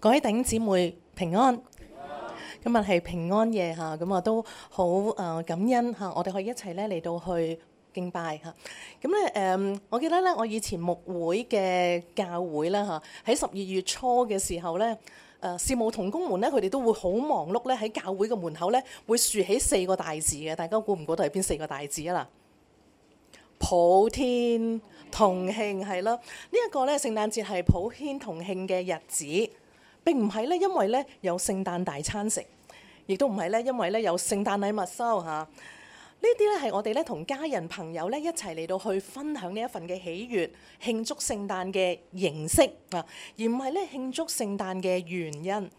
各位弟兄姊妹平安，今日係平安夜嚇，咁啊都好誒感恩嚇。我哋可以一齊咧嚟到去敬拜嚇。咁咧誒，我記得咧，我以前牧會嘅教會咧嚇，喺十二月初嘅時候咧，誒事務同工們咧，佢哋都會好忙碌咧，喺教會嘅門口咧會豎起四個大字嘅。大家估唔估到係邊四個大字啊？嗱，普天同慶係咯。呢一、嗯這個咧，聖誕節係普天同慶嘅日子。並唔係咧，因為咧有聖誕大餐食，亦都唔係咧，因為咧有聖誕禮物收嚇。呢啲咧係我哋咧同家人朋友咧一齊嚟到去分享呢一份嘅喜悅，慶祝聖誕嘅形式啊，而唔係咧慶祝聖誕嘅原因。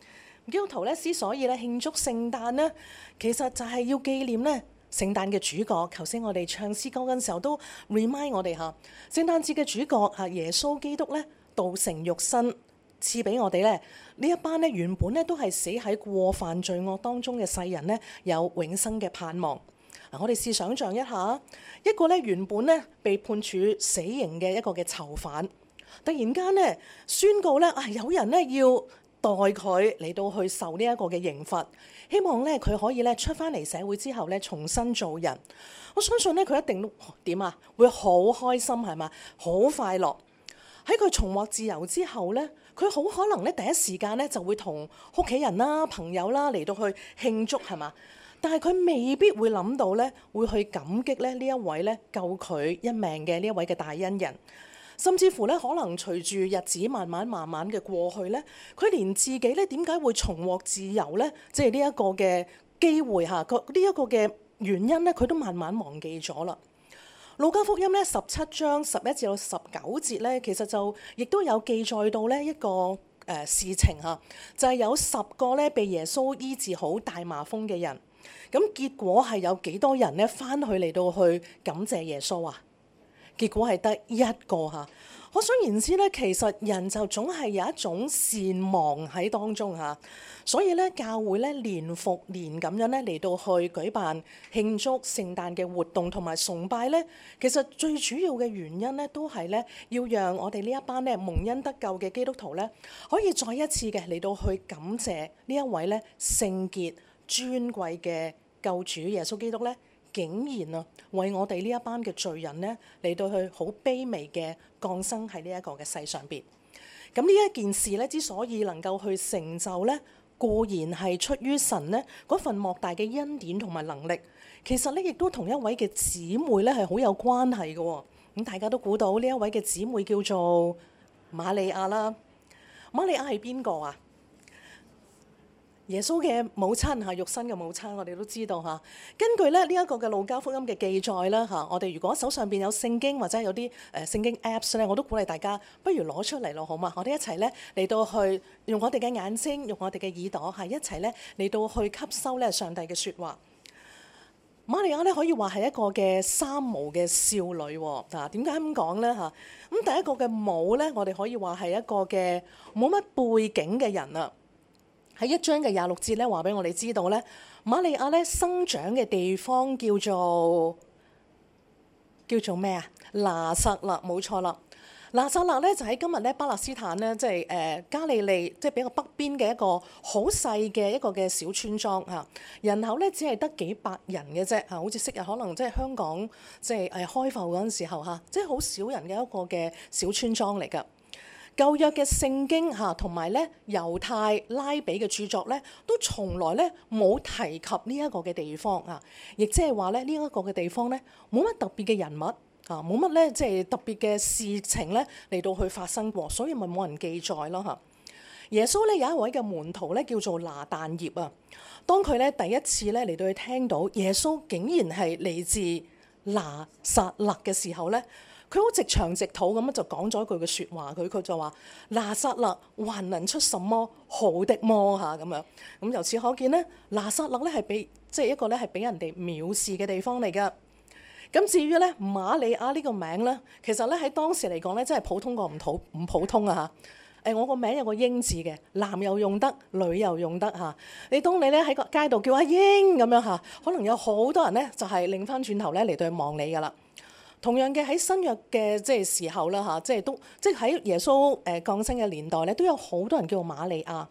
基督徒咧之所以咧慶祝聖誕咧，其實就係要紀念咧聖誕嘅主角。頭先我哋唱詩歌嗰陣時候都 remind 我哋嚇，聖誕節嘅主角嚇耶穌基督咧道成肉身。賜俾我哋咧，呢一班咧原本咧都係死喺過犯罪惡當中嘅世人咧，有永生嘅盼望。嗱、啊，我哋試想像一下，一個咧原本咧被判處死刑嘅一個嘅囚犯，突然間咧宣告咧啊，有人咧要代佢嚟到去受呢一個嘅刑罰，希望咧佢可以咧出翻嚟社會之後咧重新做人。我相信咧佢一定點啊，會好開心係嘛，好快樂。喺佢重獲自由之後呢，佢好可能咧第一時間咧就會同屋企人啦、朋友啦嚟到去慶祝係嘛，但係佢未必會諗到咧會去感激咧呢一位咧救佢一命嘅呢一位嘅大恩人，甚至乎咧可能隨住日子慢慢慢慢嘅過去咧，佢連自己咧點解會重獲自由呢，即係呢一個嘅機會嚇，呢一個嘅原因咧，佢都慢慢忘記咗啦。《路加福音》咧十七章十一至到十九節咧，其實就亦都有記載到咧一個誒事情嚇，就係有十個咧被耶穌醫治好大麻風嘅人，咁結果係有幾多人咧返去嚟到去感謝耶穌啊？結果係得一個嚇。可想而知，咧，其實人就總係有一種善忘喺當中嚇，所以咧教會咧年復年咁樣咧嚟到去舉辦慶祝聖誕嘅活動同埋崇拜咧，其實最主要嘅原因咧都係咧要讓我哋呢一班咧蒙恩得救嘅基督徒咧，可以再一次嘅嚟到去感謝呢一位咧聖潔尊貴嘅救主耶穌基督咧。竟然啊，為我哋呢一班嘅罪人咧，嚟到去好卑微嘅降生喺呢一個嘅世上邊。咁呢一件事咧之所以能夠去成就咧，固然係出於神咧嗰份莫大嘅恩典同埋能力，其實呢，亦都同一位嘅姊妹咧係好有關係嘅。咁大家都估到呢一位嘅姊妹叫做瑪利亞啦。瑪利亞係邊個啊？耶穌嘅母親嚇，肉身嘅母親，我哋都知道嚇。根據咧呢一個嘅路加福音嘅記載咧嚇，我哋如果手上邊有聖經或者有啲誒聖經 apps 咧，我都鼓勵大家不如攞出嚟咯，好嘛？我哋一齊咧嚟到去用我哋嘅眼睛，用我哋嘅耳朵，係一齊咧嚟到去吸收咧上帝嘅説話。瑪利亞咧可以話係一個嘅三無嘅少女喎。嚇，點解咁講咧嚇？咁第一個嘅冇咧，我哋可以話係一個嘅冇乜背景嘅人啊。喺一章嘅廿六節咧，話俾我哋知道咧，瑪利亞咧生長嘅地方叫做叫做咩啊？拿撒勒，冇錯啦。拿撒勒咧就喺今日咧巴勒斯坦咧，即係誒加利利，即係比較北邊嘅一個好細嘅一個嘅小村莊嚇。人口咧只係得幾百人嘅啫嚇，好似昔日可能即係香港即係誒開埠嗰陣時候嚇，即係好少人嘅一個嘅小村莊嚟㗎。舊約嘅聖經嚇，同埋咧猶太拉比嘅著作咧，都從來咧冇提及呢一個嘅地方啊！亦即係話咧呢一個嘅地方咧，冇乜特別嘅人物啊，冇乜咧即係特別嘅事情咧嚟到去發生過，所以咪冇人記載咯嚇。耶穌咧有一位嘅門徒咧叫做拿但業啊，當佢咧第一次咧嚟到去聽到耶穌竟然係嚟自拿撒勒嘅時候咧，佢好直腸直肚咁樣就講咗句嘅説話，佢佢就話：拿撒勒還能出什麼好的麼？嚇，咁樣。咁由此可見呢，拿撒勒咧係俾即係一個咧係俾人哋藐視嘅地方嚟㗎。咁至於咧瑪利亞呢個名咧，其實咧喺當時嚟講咧，真係普通過唔普唔普通啊嚇。誒，我個名有個英字嘅，男又用得，女又用得嚇。你當你咧喺個街度叫阿英咁樣嚇，可能有好多人咧就係擰翻轉頭咧嚟到望你噶啦。同樣嘅喺新約嘅即係時候啦嚇，即係都即係喺耶穌誒降生嘅年代咧，都有好多人叫做馬利亞。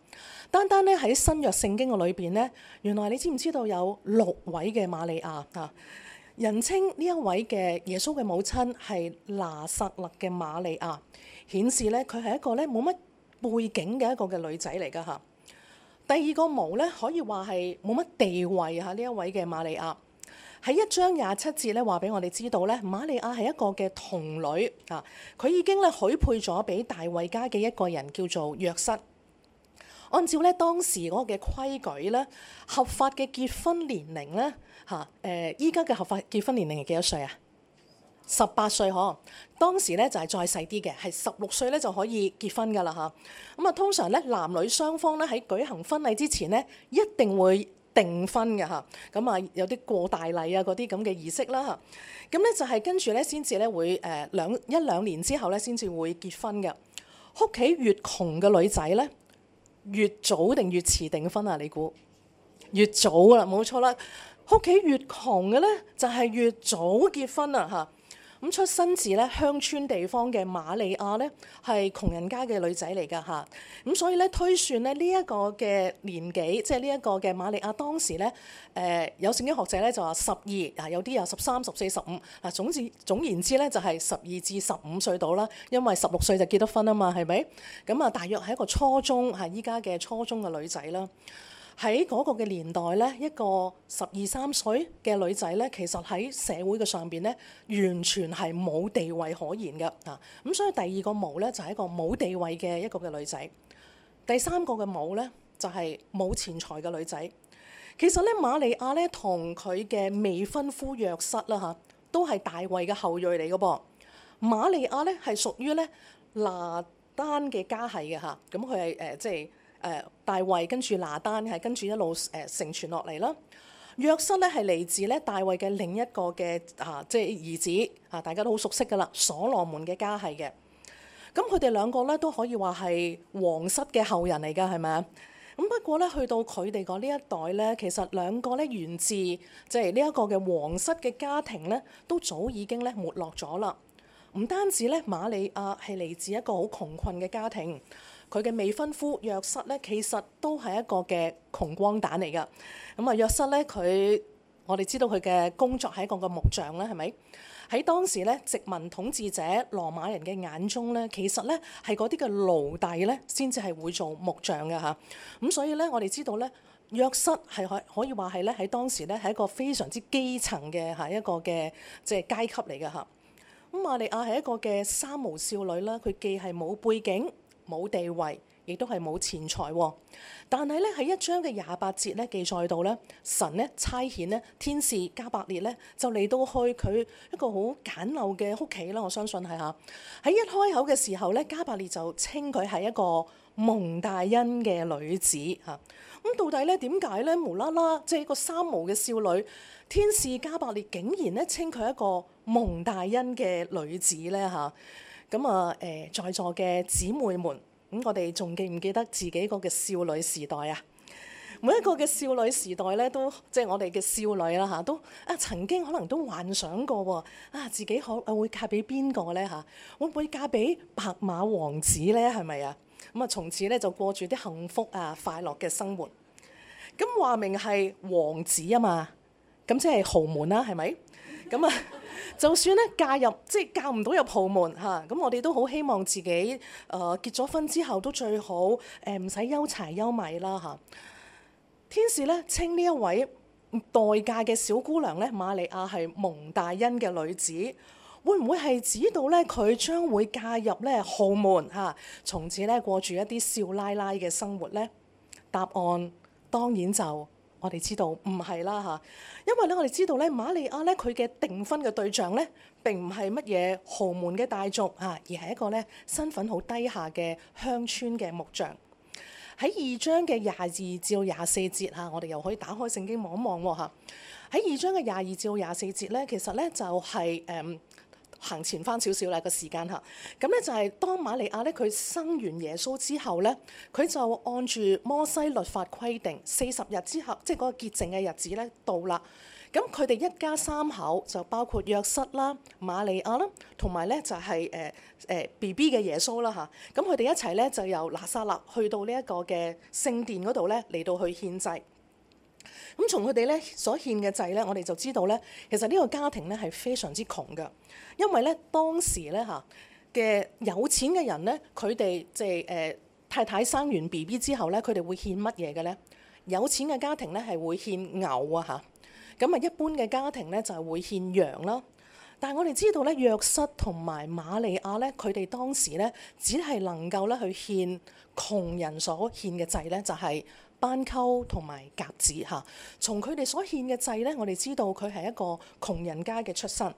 單單咧喺新約聖經嘅裏邊咧，原來你知唔知道有六位嘅馬利亞啊？人稱呢一位嘅耶穌嘅母親係拿撒勒嘅馬利亞，顯示咧佢係一個咧冇乜背景嘅一個嘅女仔嚟㗎嚇。第二個冇咧，可以話係冇乜地位嚇呢一位嘅馬利亞。喺一章廿七節咧話俾我哋知道咧，瑪利亞係一個嘅童女啊，佢已經咧許配咗俾大衞家嘅一個人叫做約瑟。按照咧當時嗰個嘅規矩咧，合法嘅結婚年齡咧吓，誒，依家嘅合法結婚年齡係幾多歲啊？十八歲嗬，當時咧就係再細啲嘅，係十六歲咧就可以結婚噶啦吓，咁啊，通常咧男女雙方咧喺舉行婚禮之前咧，一定會，訂婚嘅吓，咁啊有啲過大禮啊，嗰啲咁嘅儀式啦吓，咁咧就係跟住咧先至咧會誒兩一兩年之後咧先至會結婚嘅。屋企越窮嘅女仔咧，越早定越遲訂婚啊？你估越早啦？冇錯啦，屋企越窮嘅咧就係越早結婚啊吓。咁出生自咧鄉村地方嘅瑪利亞咧係窮人家嘅女仔嚟㗎嚇，咁所以咧推算咧呢一個嘅年紀，即係呢一個嘅瑪利亞當時咧，誒有聖經學者咧就話十二，啊有啲又十三、十四、十五，啊總之總言之咧就係十二至十五歲到啦，因為十六歲就結得婚啊嘛，係咪？咁啊，大約係一個初中嚇，依家嘅初中嘅女仔啦。喺嗰個嘅年代呢一個十二三歲嘅女仔呢其實喺社會嘅上邊呢完全係冇地位可言嘅啊！咁所以第二個冇呢，就係一個冇地位嘅一個嘅女仔；第三個嘅冇呢，就係冇錢財嘅女仔。其實呢，瑪利亞呢同佢嘅未婚夫約瑟啦嚇，都係大衛嘅後裔嚟嘅噃。瑪利亞呢係屬於呢拿單嘅家係嘅嚇，咁佢係誒即係。誒、呃，大衛跟住拿單係跟住一路誒、呃、成傳落嚟啦。約瑟咧係嚟自咧大衛嘅另一個嘅啊，即係兒子啊，大家都好熟悉噶啦，所羅門嘅家係嘅。咁佢哋兩個咧都可以話係皇室嘅後人嚟噶，係咪啊？咁、嗯、不過咧，去到佢哋個呢一代咧，其實兩個咧源自即係呢一個嘅皇室嘅家庭咧，都早已經咧沒落咗啦。唔單止咧，瑪利亞係嚟自一個好窮困嘅家庭。佢嘅未婚夫約瑟咧，其實都係一個嘅窮光蛋嚟噶。咁、嗯、啊，約瑟咧，佢我哋知道佢嘅工作係一個嘅木匠咧，係咪喺當時咧殖民統治者羅馬人嘅眼中咧，其實咧係嗰啲嘅奴隸咧先至係會做木匠嘅嚇。咁、嗯、所以咧，我哋知道咧約瑟係可可以話係咧喺當時咧係一個非常之基層嘅嚇一個嘅即係階級嚟嘅嚇。咁瑪利亞係一個嘅三無少女啦，佢既係冇背景。冇地位，亦都係冇錢財。但係咧，喺一章嘅廿八節咧記載到咧，神咧差遣咧天使加百列咧就嚟到去佢一個好簡陋嘅屋企啦。我相信係嚇喺一開口嘅時候咧，加百列就稱佢係一個蒙大恩嘅女子嚇。咁、啊、到底咧點解咧無啦啦，即係一個三無嘅少女，天使加百列竟然咧稱佢一個蒙大恩嘅女子咧嚇？啊咁啊誒，在座嘅姊妹們，咁我哋仲記唔記得自己個嘅少女時代啊？每一個嘅少女時代咧，都即係我哋嘅少女啦吓，都啊曾經可能都幻想過啊，自己可會嫁俾邊個咧吓，會唔會嫁俾白馬王子咧？係咪啊？咁啊，從此咧就過住啲幸福啊、快樂嘅生活。咁話明係王子啊嘛，咁即係豪門啦，係咪？咁啊， 就算咧嫁入即係嫁唔到入豪門嚇，咁、啊、我哋都好希望自己誒、呃、結咗婚之後都最好誒唔使憂柴憂米啦嚇、啊。天使咧稱呢一位待嫁嘅小姑娘咧瑪利亞係蒙大恩嘅女子，會唔會係指到咧佢將會嫁入咧豪門嚇、啊，從此咧過住一啲少奶奶嘅生活咧？答案當然就。我哋知道唔係啦嚇，因為咧我哋知道咧瑪利亞咧佢嘅訂婚嘅對象咧並唔係乜嘢豪門嘅大族嚇、啊，而係一個咧身份好低下嘅鄉村嘅木匠。喺二章嘅廿二至廿四節嚇，我哋又可以打開聖經望一望嚇。喺二章嘅廿二至廿四節咧，其實咧就係、是、誒。嗯行前翻少少啦，這個時間嚇咁咧就係、是、當瑪利亞咧佢生完耶穌之後咧，佢就按住摩西律法規定四十日之後，即係嗰個潔淨嘅日子咧到啦。咁佢哋一家三口就包括約瑟啦、瑪利亞啦，同埋咧就係誒誒 B B 嘅耶穌啦嚇。咁佢哋一齊咧就由拿撒勒去到呢一個嘅聖殿嗰度咧嚟到去獻祭。咁從佢哋咧所獻嘅祭咧，我哋就知道咧，其實呢個家庭咧係非常之窮嘅，因為咧當時咧嚇嘅有錢嘅人咧，佢哋即係誒太太生完 B B 之後咧，佢哋會獻乜嘢嘅咧？有錢嘅家庭咧係會獻牛啊嚇，咁、嗯、啊一般嘅家庭咧就係會獻羊啦。但係我哋知道咧，約瑟同埋瑪利亞咧，佢哋當時咧只係能夠咧去獻窮人所獻嘅祭咧，就係、是。斑鳩同埋鴿子吓，從佢哋所獻嘅祭咧，我哋知道佢係一個窮人家嘅出身。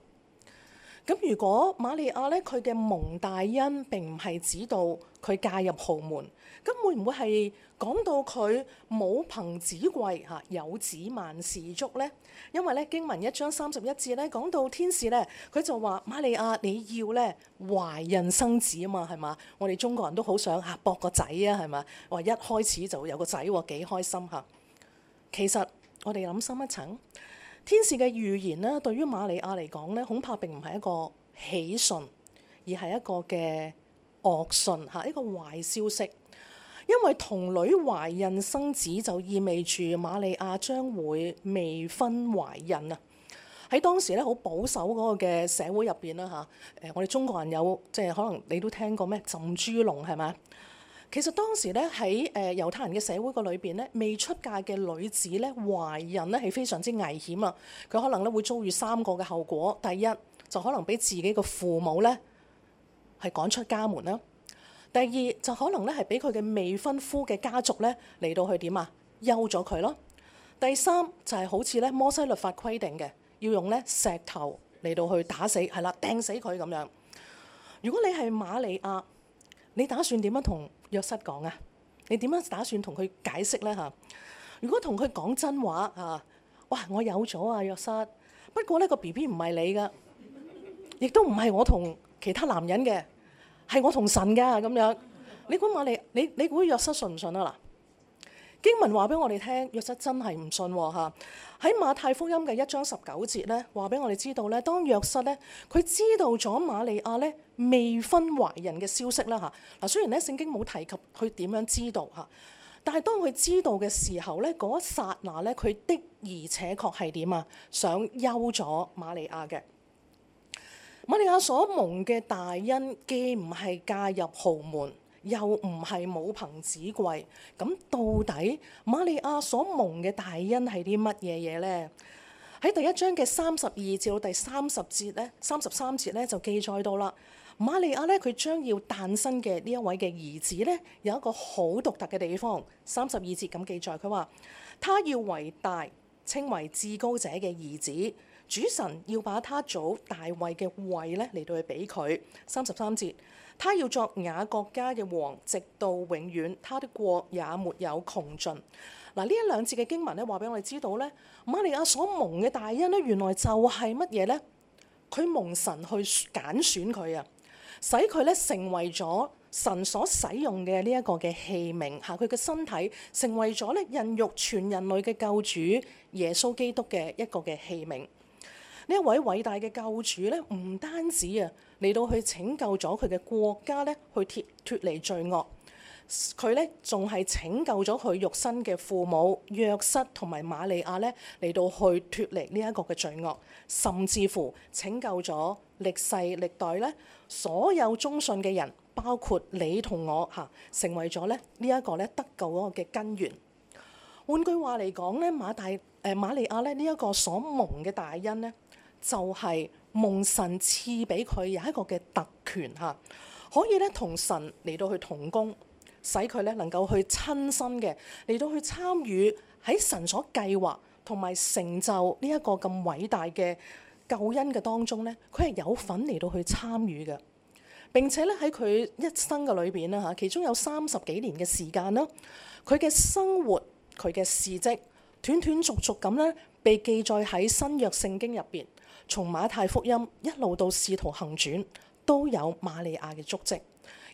咁如果瑪利亞咧，佢嘅蒙大恩並唔係指到佢嫁入豪門，咁會唔會係講到佢冇憑子貴嚇，有子萬事足呢？因為咧經文一章三十一節咧講到天使咧，佢就話瑪利亞你要咧懷孕生子啊嘛，係嘛？我哋中國人都好想嚇、啊、搏個仔啊，係嘛？話一開始就有個仔幾開心嚇。其實我哋諗深一層。天使嘅預言咧，對於瑪利亞嚟講咧，恐怕並唔係一個喜訊，而係一個嘅惡訊嚇，一個壞消息。因為童女懷孕生子，就意味住瑪利亞將會未婚懷孕啊！喺當時咧，好保守嗰個嘅社會入邊啦嚇，誒，我哋中國人有即係可能你都聽過咩浸豬籠係咪？其實當時咧喺誒猶太人嘅社會個裏邊咧，未出嫁嘅女子咧懷孕咧係非常之危險啊！佢可能咧會遭遇三個嘅後果：第一就可能俾自己嘅父母咧係趕出家門啦；第二就可能咧係俾佢嘅未婚夫嘅家族咧嚟到去點啊？休咗佢咯；第三就係、是、好似咧摩西律法規定嘅，要用咧石頭嚟到去打死，係啦，掟死佢咁樣。如果你係瑪利亞，你打算點樣同約瑟講啊？你點樣打算同佢解釋咧嚇？如果同佢講真話嚇，啊，哇！我有咗啊，約瑟，不過呢個 B B 唔係你噶，亦都唔係我同其他男人嘅，係我同神嘅咁樣。你估我你你你估約瑟信唔信啊嗱？經文話俾我哋聽，約瑟真係唔信喎嚇。喺馬太福音嘅一章十九節咧，話俾我哋知道咧，當約瑟咧，佢知道咗瑪利亞咧未婚懷孕嘅消息啦嚇。嗱雖然咧聖經冇提及佢點樣知道嚇，但係當佢知道嘅時候咧，嗰一剎那咧，佢的而且確係點啊，想休咗瑪利亞嘅。瑪利亞所蒙嘅大恩，既唔係嫁入豪門。又唔係母憑子貴，咁到底瑪利亞所蒙嘅大恩係啲乜嘢嘢呢？喺第一章嘅三十二至到第三十節呢，三十三節呢就記載到啦。瑪利亞呢，佢將要誕生嘅呢一位嘅兒子呢，有一個好獨特嘅地方。三十二節咁記載，佢話：他要為大，稱為至高者嘅兒子，主神要把他祖大衛嘅位呢嚟到去俾佢。三十三節。他要作雅各家嘅王，直到永遠，他的國也沒有窮盡。嗱，呢一兩節嘅經文咧，話俾我哋知道咧，馬利亞所蒙嘅大恩呢，原來就係乜嘢呢？佢蒙神去揀選佢啊，使佢咧成為咗神所使用嘅呢一個嘅器皿嚇，佢嘅身體成為咗咧孕育全人類嘅救主耶穌基督嘅一個嘅器皿。呢一位偉大嘅救主咧，唔單止啊！嚟到去拯救咗佢嘅國家咧，去脱脱離罪惡。佢咧仲係拯救咗佢肉身嘅父母約瑟同埋瑪利亞咧，嚟到去脱離呢一個嘅罪惡，甚至乎拯救咗歷世歷代咧所有忠信嘅人，包括你同我嚇，成為咗咧呢一個咧得救嗰個嘅根源。換句話嚟講咧，馬大誒瑪利亞咧呢一個所蒙嘅大恩咧，就係，蒙神賜俾佢有一個嘅特權嚇，可以咧同神嚟到去同工，使佢咧能夠去親身嘅嚟到去參與喺神所計劃同埋成就呢一個咁偉大嘅救恩嘅當中咧，佢係有份嚟到去參與嘅。並且咧喺佢一生嘅裏邊咧嚇，其中有三十幾年嘅時間啦，佢嘅生活佢嘅事蹟斷斷續續咁咧被記載喺新約聖經入邊。從馬太福音一路到《使徒行傳》，都有瑪利亞嘅足跡，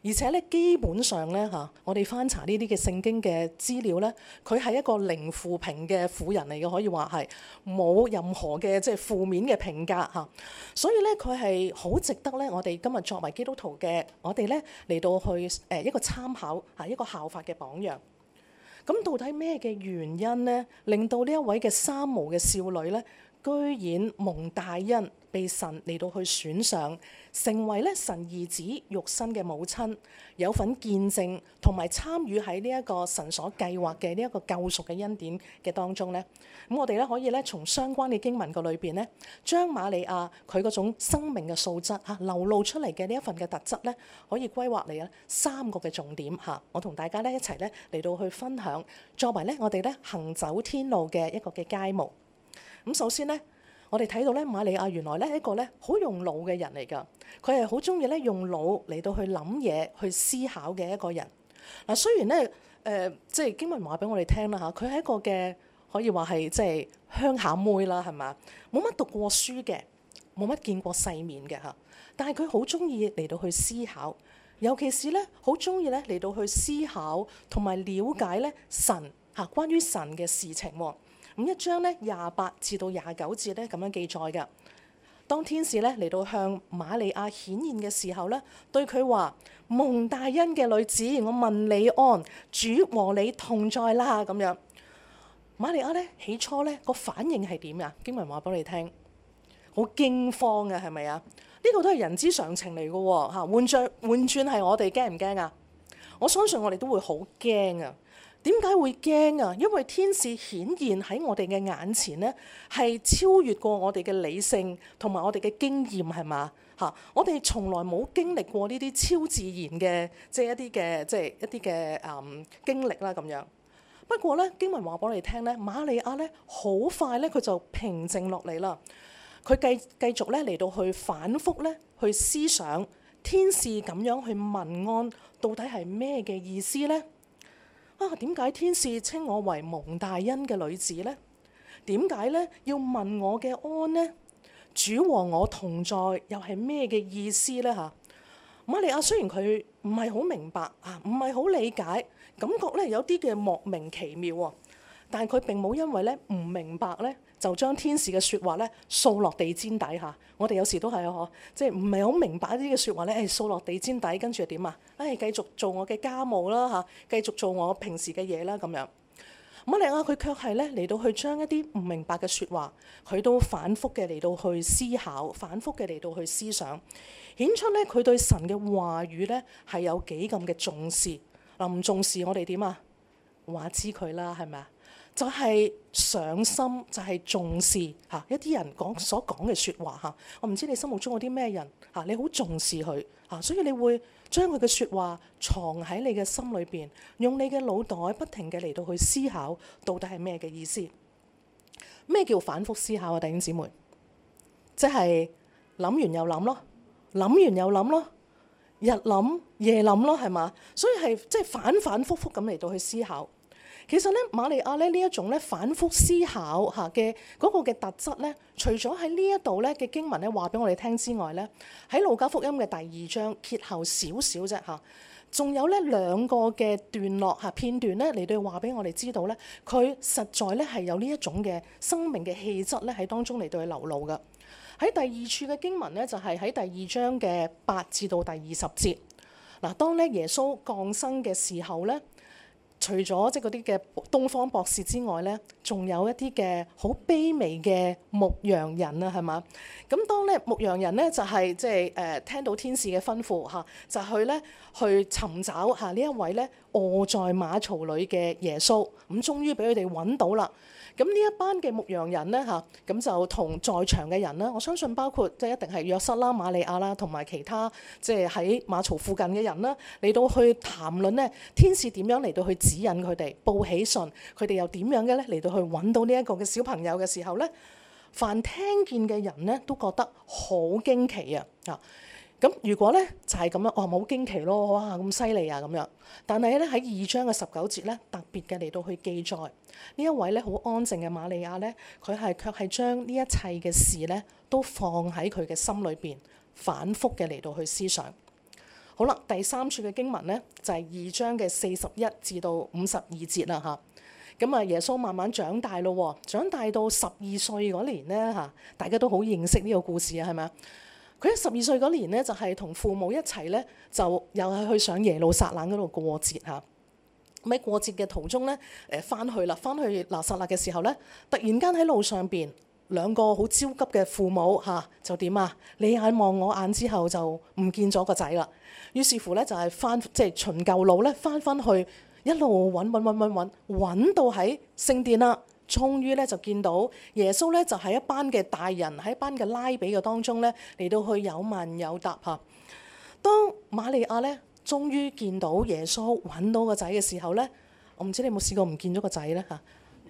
而且咧基本上咧嚇，我哋翻查呢啲嘅聖經嘅資料咧，佢係一個零負評嘅婦人嚟嘅，可以話係冇任何嘅即係負面嘅評價嚇。所以咧，佢係好值得咧，我哋今日作為基督徒嘅，我哋咧嚟到去誒一個參考嚇一個效法嘅榜樣。咁到底咩嘅原因咧，令到呢一位嘅三無嘅少女咧，居然蒙大恩，被神嚟到去選上，成為咧神兒子肉身嘅母親，有份見證同埋參與喺呢一個神所計劃嘅呢一個救贖嘅恩典嘅當中咧。咁我哋咧可以咧從相關嘅經文個裏邊咧，將瑪利亞佢嗰種生命嘅素質嚇流露出嚟嘅呢一份嘅特質咧，可以規劃嚟啊三個嘅重點吓，我同大家咧一齊咧嚟到去分享，作為咧我哋咧行走天路嘅一個嘅佳模。咁首先咧，我哋睇到咧，瑪利亞原來咧係一個咧好用腦嘅人嚟㗎。佢係好中意咧用腦嚟到去諗嘢、去思考嘅一個人。嗱，雖然咧誒、呃，即係經文話俾我哋聽啦嚇，佢係一個嘅可以話係即係鄉下妹啦，係嘛？冇乜讀過書嘅，冇乜見過世面嘅嚇，但係佢好中意嚟到去思考，尤其是咧好中意咧嚟到去思考同埋了解咧神嚇，關於神嘅事情喎。咁一章咧廿八至到廿九節咧咁樣記載嘅，當天使咧嚟到向瑪利亞顯現嘅時候咧，對佢話：蒙大恩嘅女子，我問你安，主和你同在啦。咁樣，瑪利亞咧起初咧個反應係點呀？經文話俾你聽，好驚慌呀，係咪啊？呢、這個都係人之常情嚟嘅喎嚇。換著換轉係我哋驚唔驚啊？我相信我哋都會好驚啊！點解會驚啊？因為天使顯現喺我哋嘅眼前咧，係超越過我哋嘅理性同埋我哋嘅經驗，係嘛？嚇！我哋從來冇經歷過呢啲超自然嘅，即係一啲嘅，即係一啲嘅誒經歷啦。咁樣，不過咧，經文話俾我哋聽咧，瑪利亞咧好快咧，佢就平靜落嚟啦。佢繼繼續咧嚟到去反覆咧去思想天使咁樣去問安，到底係咩嘅意思咧？啊，點解天使稱我為蒙大恩嘅女子呢？點解呢？要問我嘅安呢？主和我同在又係咩嘅意思呢？嚇，瑪利亞雖然佢唔係好明白啊，唔係好理解，感覺咧有啲嘅莫名其妙喎，但佢並冇因為咧唔明白呢。就將天使嘅説話咧掃落地氈底下、啊、我哋有時都係啊，即係唔係好明白一啲嘅説話咧？誒、哎、掃落地氈底，跟住點啊？誒、哎、繼續做我嘅家務啦嚇，繼、啊、續做我平時嘅嘢啦咁樣。唔好理啊！佢卻係咧嚟到去將一啲唔明白嘅説話，佢都反覆嘅嚟到去思考，反覆嘅嚟到去思想，顯出咧佢對神嘅話語咧係有幾咁嘅重視。嗱、啊、唔重視我哋點啊？話知佢啦，係咪啊？就係上心，就係重視嚇一啲人講所講嘅説話嚇。我唔知你心目中有啲咩人嚇，你好重視佢嚇，所以你會將佢嘅説話藏喺你嘅心裏邊，用你嘅腦袋不停嘅嚟到去思考，到底係咩嘅意思？咩叫反覆思考啊？弟兄姊妹，即係諗完又諗咯，諗完又諗咯，日諗夜諗咯，係嘛？所以係即係反反覆覆咁嚟到去思考。其實咧，瑪利亞咧呢一種咧反覆思考嚇嘅嗰個嘅特質咧，除咗喺呢一度咧嘅經文咧話俾我哋聽之外咧，喺路加福音嘅第二章揭後少少啫嚇，仲有咧兩個嘅段落嚇片段咧嚟到話俾我哋知道咧，佢實在咧係有呢一種嘅生命嘅氣質咧喺當中嚟到去流露嘅。喺第二處嘅經文咧就係喺第二章嘅八至到第二十節嗱，當咧耶穌降生嘅時候咧。除咗即係嗰啲嘅東方博士之外咧，仲有一啲嘅好卑微嘅牧羊人啊，係嘛？咁當咧牧羊人咧就係即係誒聽到天使嘅吩咐嚇，就去咧去尋找嚇呢一位咧臥在馬槽裏嘅耶穌，咁終於俾佢哋揾到啦。咁呢一班嘅牧羊人咧嚇，咁、啊、就同在場嘅人啦。我相信包括即係一定係約瑟啦、馬利亞啦，同埋其他即係喺馬槽附近嘅人啦，嚟到去談論咧，天使點樣嚟到去指引佢哋報喜訊，佢哋又點樣嘅咧嚟到去揾到呢一個嘅小朋友嘅時候咧，凡聽見嘅人咧都覺得好驚奇啊！啊！咁如果咧就係咁樣，哦好驚奇咯，哇咁犀利啊，咁樣。但係咧喺二章嘅十九節咧特別嘅嚟到去記載呢一位咧好安靜嘅瑪利亞咧，佢係卻係將呢一切嘅事咧都放喺佢嘅心裏邊，反覆嘅嚟到去思想。好啦，第三處嘅經文咧就係、是、二章嘅四十一至到五十二節啦吓，咁啊耶穌慢慢長大咯、啊，長大到十二歲嗰年咧吓、啊，大家都好認識呢個故事啊，係咪？佢喺十二歲嗰年咧，就係、是、同父母一齊咧，就又係去上耶路撒冷嗰度過節嚇。咁、啊、喺過節嘅途中咧，誒、呃、翻去啦，翻去，去，去拿撒勒嘅時候咧，突然間喺路上邊兩個好焦急嘅父母嚇、啊、就點啊？你眼望我眼之後就唔見咗個仔啦。於是乎咧就係翻即係循舊路咧翻翻去，一路揾揾揾揾揾揾到喺聖殿啦。終於咧就見到耶穌咧，就係一班嘅大人喺一班嘅拉比嘅當中咧嚟到去有問有答嚇、啊。當瑪利亞咧終於見到耶穌揾到個仔嘅時候咧，我唔知你有冇試過唔見咗個仔咧嚇，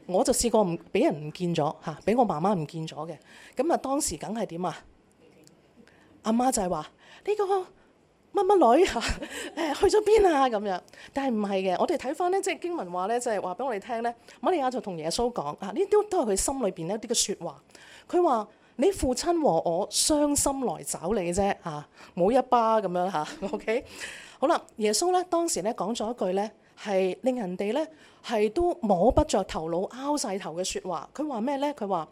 我就試過唔俾人唔見咗嚇，俾、啊、我媽媽唔見咗嘅。咁啊當時梗係點啊媽？阿媽就係話呢個。乜乜女 啊？誒，去咗邊啊？咁樣，但係唔係嘅，我哋睇翻咧，即係經文話咧，即係話俾我哋聽咧，瑪利亞就同耶穌講啊，呢啲都係佢心裏邊一啲嘅説話。佢話：你父親和我傷心來找你啫，嚇、啊，冇一巴咁樣嚇。OK，好啦，耶穌咧當時咧講咗一句咧，係令人哋咧係都摸不着頭腦、拗晒頭嘅説話。佢話咩咧？佢話。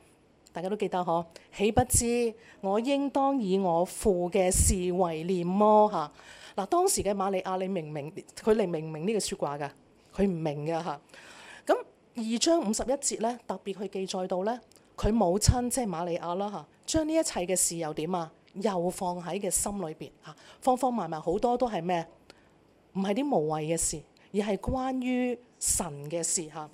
大家都記得嗬，豈不知我應當以我父嘅事為念麼嚇？嗱、啊，當時嘅瑪利亞，你明唔明佢嚟明唔明，個明、啊、呢個説話㗎，佢唔明㗎嚇。咁二章五十一節咧，特別去記載到咧，佢母親即係瑪利亞啦嚇，將、啊、呢一切嘅事又點啊？又放喺佢嘅心裏邊嚇，方方埋埋好多都係咩？唔係啲無謂嘅事，而係關於神嘅事嚇。啊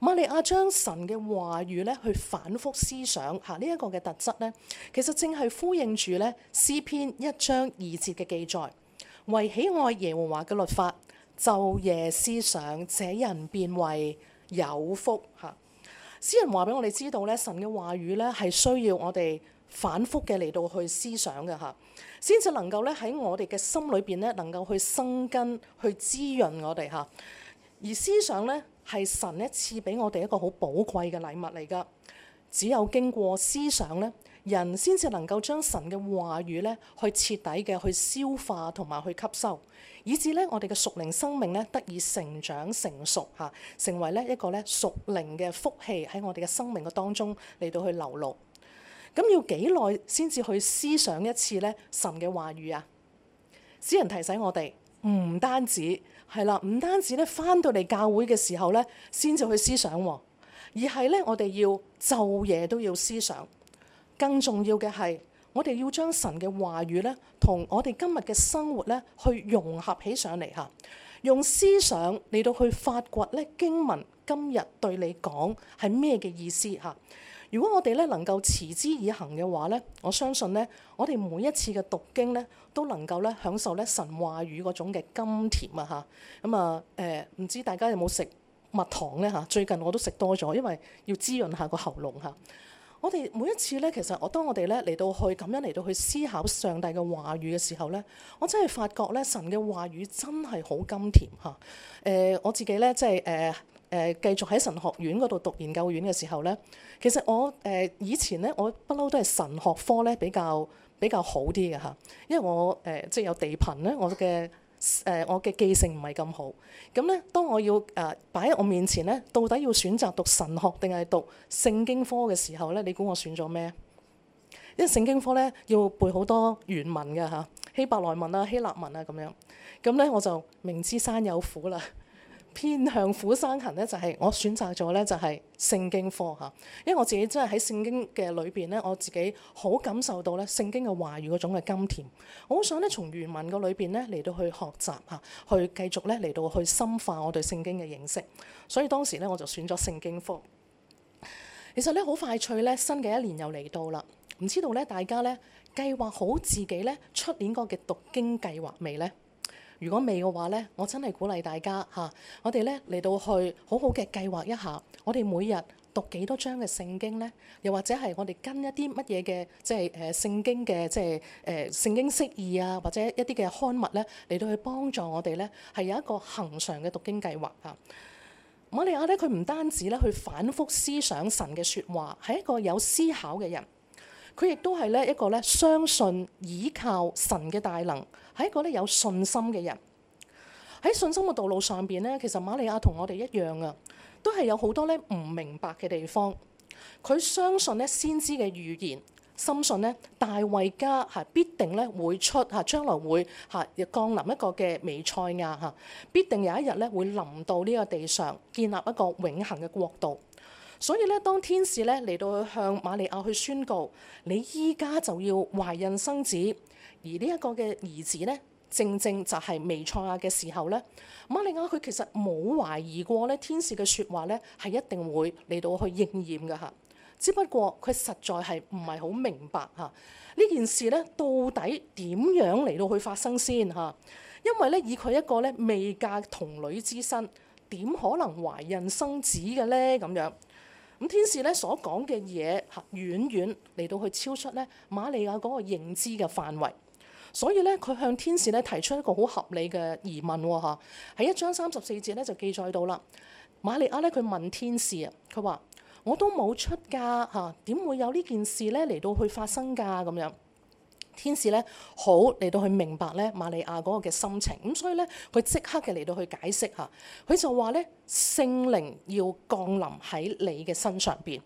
瑪利亞將神嘅話語咧去反覆思想吓，呢、這、一個嘅特質咧，其實正係呼應住咧詩篇一章二節嘅記載，為喜愛耶和華嘅律法，晝夜思想，這人便為有福吓。詩人話俾我哋知道咧，神嘅話語咧係需要我哋反覆嘅嚟到去思想嘅吓，先至能夠咧喺我哋嘅心裏邊咧能夠去生根、去滋潤我哋吓。而思想咧。係神賜俾我哋一個好寶貴嘅禮物嚟㗎。只有經過思想咧，人先至能夠將神嘅話語咧，去徹底嘅去消化同埋去吸收，以致咧我哋嘅屬靈生命咧得以成長成熟嚇，成為咧一個咧屬靈嘅福氣喺我哋嘅生命嘅當中嚟到去流露。咁要幾耐先至去思想一次咧神嘅話語啊？詩人提醒我哋。唔單止係啦，唔單止咧翻到嚟教會嘅時候咧，先至去思想，而係咧我哋要晝夜都要思想。更重要嘅係，我哋要將神嘅話語咧，同我哋今日嘅生活咧，去融合起上嚟嚇。用思想嚟到去發掘咧經文今日對你講係咩嘅意思嚇。如果我哋咧能夠持之以恆嘅話咧，我相信咧，我哋每一次嘅讀經咧，都能夠咧享受咧神話語嗰種嘅甘甜啊！嚇、嗯，咁啊誒，唔知大家有冇食蜜糖咧嚇？最近我都食多咗，因為要滋潤下個喉嚨嚇。我哋每一次咧，其實我當我哋咧嚟到去咁樣嚟到去思考上帝嘅話語嘅時候咧，我真係發覺咧神嘅話語真係好甘甜嚇。誒、呃，我自己咧即係誒。誒、呃、繼續喺神學院嗰度讀研究院嘅時候呢，其實我誒、呃、以前呢，我不嬲都係神學科呢比較比較好啲嘅嚇，因為我誒即係有地貧咧，我嘅誒、呃、我嘅記性唔係咁好。咁呢，當我要誒、呃、擺喺我面前呢，到底要選擇讀神學定係讀聖經科嘅時候呢，你估我選咗咩？因為聖經科呢要背好多原文嘅嚇，希伯來文啊、希臘文啊咁樣。咁呢我就明知山有虎啦。偏向虎山行咧，就係我選擇咗咧，就係聖經科。嚇，因為我自己真係喺聖經嘅裏邊咧，我自己好感受到咧，聖經嘅話語嗰種嘅甘甜，我好想咧從原文個裏邊咧嚟到去學習嚇，去繼續咧嚟到去深化我對聖經嘅認識，所以當時咧我就選咗聖經科。其實咧好快脆咧，新嘅一年又嚟到啦，唔知道咧大家咧計劃好自己咧出年嗰個嘅讀經計劃未呢？如果未嘅話咧，我真係鼓勵大家嚇，我哋咧嚟到去好好嘅計劃一下，我哋每日讀幾多章嘅聖經呢？又或者係我哋跟一啲乜嘢嘅即係誒聖經嘅即係誒聖經釋義啊，或者一啲嘅刊物咧嚟到去幫助我哋咧，係有一個恒常嘅讀經計劃啊。瑪利亞咧，佢唔單止咧去反覆思想神嘅説話，係一個有思考嘅人。佢亦都係咧一個咧相信依靠神嘅大能，係一個咧有信心嘅人。喺信心嘅道路上邊咧，其實瑪利亞同我哋一樣啊，都係有好多咧唔明白嘅地方。佢相信咧先知嘅預言，深信咧大衞家係必定咧會出嚇，將來會嚇又降臨一個嘅彌賽亞嚇，必定有一日咧會臨到呢個地上，建立一個永恆嘅國度。所以咧，當天使咧嚟到向瑪利亞去宣告，你依家就要懷孕生子，而呢一個嘅兒子咧，正正就係彌賽亞嘅時候咧，瑪利亞佢其實冇懷疑過咧，天使嘅説話咧係一定會嚟到去應驗嘅嚇。只不過佢實在係唔係好明白嚇呢、啊、件事咧，到底點樣嚟到去發生先嚇、啊？因為咧，以佢一個咧未嫁童女之身，點可能懷孕生子嘅咧咁樣？咁天使咧所講嘅嘢嚇，遠遠嚟到去超出咧瑪利亞嗰個認知嘅範圍，所以咧佢向天使咧提出一個好合理嘅疑問喎嚇，喺一章三十四節咧就記載到啦，瑪利亞咧佢問天使啊，佢話我都冇出嫁嚇，點會有呢件事咧嚟到去發生㗎咁樣？天使咧好嚟到去明白咧瑪利亞嗰個嘅心情，咁、嗯、所以咧佢即刻嘅嚟到去解釋嚇，佢就話咧聖靈要降臨喺你嘅身上邊，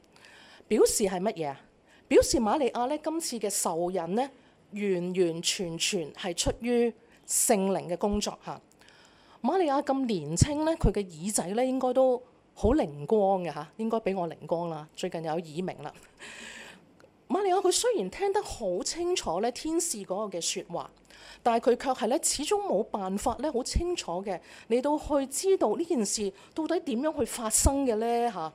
表示係乜嘢啊？表示瑪利亞咧今次嘅受孕呢，完完全全係出於聖靈嘅工作嚇。瑪利亞咁年青咧，佢嘅耳仔咧應該都好靈光嘅嚇，應該比我靈光啦，最近有耳鳴啦。你講佢雖然聽得好清楚咧，天使嗰個嘅説話，但係佢卻係咧，始終冇辦法咧，好清楚嘅嚟到去知道呢件事到底點樣去發生嘅呢？嚇。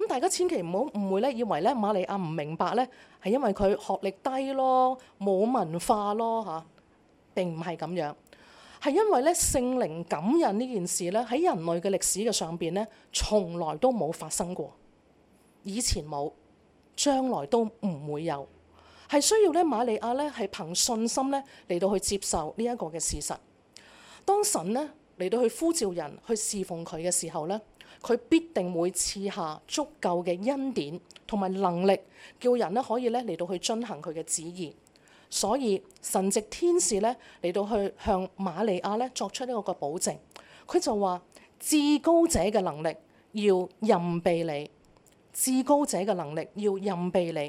咁大家千祈唔好誤會咧，以為咧瑪利亞唔明白咧，係因為佢學歷低咯，冇文化咯嚇，並唔係咁樣，係因為咧聖靈感人呢件事咧，喺人類嘅歷史嘅上邊咧，從來都冇發生過，以前冇。將來都唔會有，係需要咧瑪利亞咧係憑信心咧嚟到去接受呢一個嘅事實。當神咧嚟到去呼召人去侍奉佢嘅時候咧，佢必定會賜下足夠嘅恩典同埋能力，叫人咧可以咧嚟到去遵行佢嘅旨意。所以神藉天使咧嚟到去向瑪利亞咧作出呢一個保證，佢就話：至高者嘅能力要蔭庇你。至高者嘅能力要蔭庇你，呢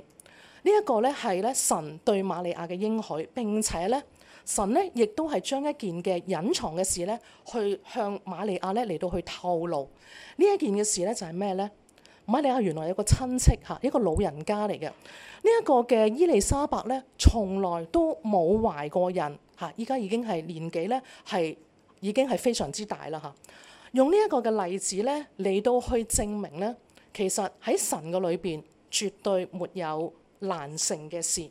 一、這個咧係咧神對瑪利亞嘅應許，並且咧神咧亦都係將一件嘅隱藏嘅事咧去向瑪利亞咧嚟到去透露，呢一件嘅事咧就係咩咧？瑪利亞原來有個親戚吓，一個老人家嚟嘅，這個，呢一個嘅伊利沙伯咧，從來都冇懷過孕吓，依家已經係年紀咧係已經係非常之大啦吓。用呢一個嘅例子咧嚟到去證明咧。其實喺神嘅裏邊，絕對沒有難成嘅事。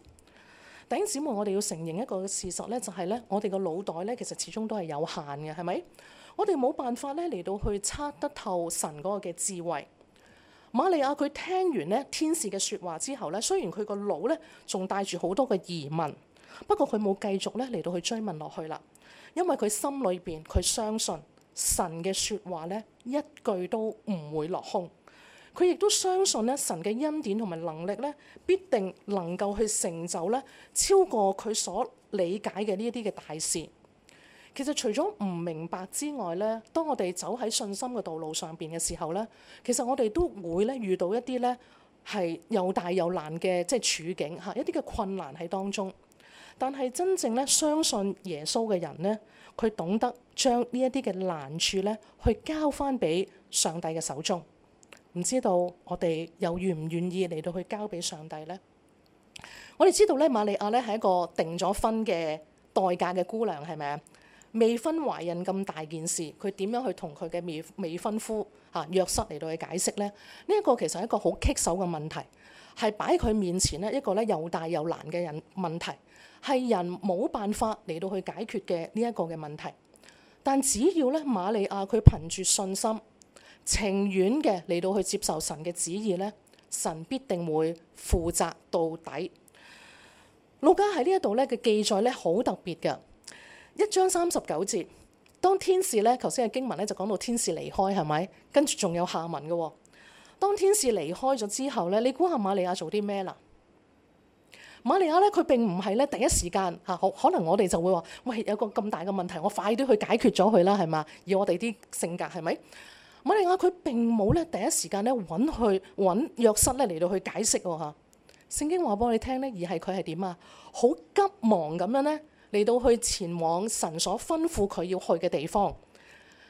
弟兄姊妹，我哋要承認一個事實咧，就係咧，我哋個腦袋咧，其實始終都係有限嘅，係咪？我哋冇辦法咧嚟到去測得透神嗰個嘅智慧。瑪利亞佢聽完咧天使嘅説話之後咧，雖然佢個腦咧仲帶住好多嘅疑問，不過佢冇繼續咧嚟到去追問落去啦，因為佢心裏邊佢相信神嘅説話咧一句都唔會落空。佢亦都相信咧，神嘅恩典同埋能力咧，必定能夠去成就咧，超過佢所理解嘅呢一啲嘅大事。其實除咗唔明白之外咧，當我哋走喺信心嘅道路上邊嘅時候咧，其實我哋都會咧遇到一啲咧係又大又難嘅即係處境嚇，一啲嘅困難喺當中。但係真正咧相信耶穌嘅人咧，佢懂得將呢一啲嘅難處咧，去交返畀上帝嘅手中。唔知道我哋又願唔願意嚟到去交俾上帝呢？我哋知道咧，瑪利亞咧係一個定咗婚嘅代價嘅姑娘，係咪啊？未婚懷孕咁大件事，佢點樣去同佢嘅未未婚夫啊約瑟嚟到去解釋呢？呢、呢、一個其實係一個好棘手嘅問題，係擺佢面前咧一個咧又大又難嘅人問題，係人冇辦法嚟到去解決嘅呢一個嘅問題。但只要咧瑪利亞佢憑住信心。情願嘅嚟到去接受神嘅旨意呢，神必定會負責到底。路加喺呢一度咧嘅記載呢，好特別嘅一章三十九節，當天使呢，頭先嘅經文呢就講到天使離開，係咪？跟住仲有下文嘅。當天使離開咗之後呢，你估下瑪利亞做啲咩啦？瑪利亞呢，佢並唔係呢。第一時間嚇，可能我哋就會話，喂，有個咁大嘅問題，我快啲去解決咗佢啦，係嘛？以我哋啲性格係咪？是馬利亞，佢並冇咧第一時間咧揾去揾約瑟咧嚟到去解釋喎嚇。聖經話俾我哋聽咧，而係佢係點啊？好急忙咁樣咧，嚟到去前往神所吩咐佢要去嘅地方，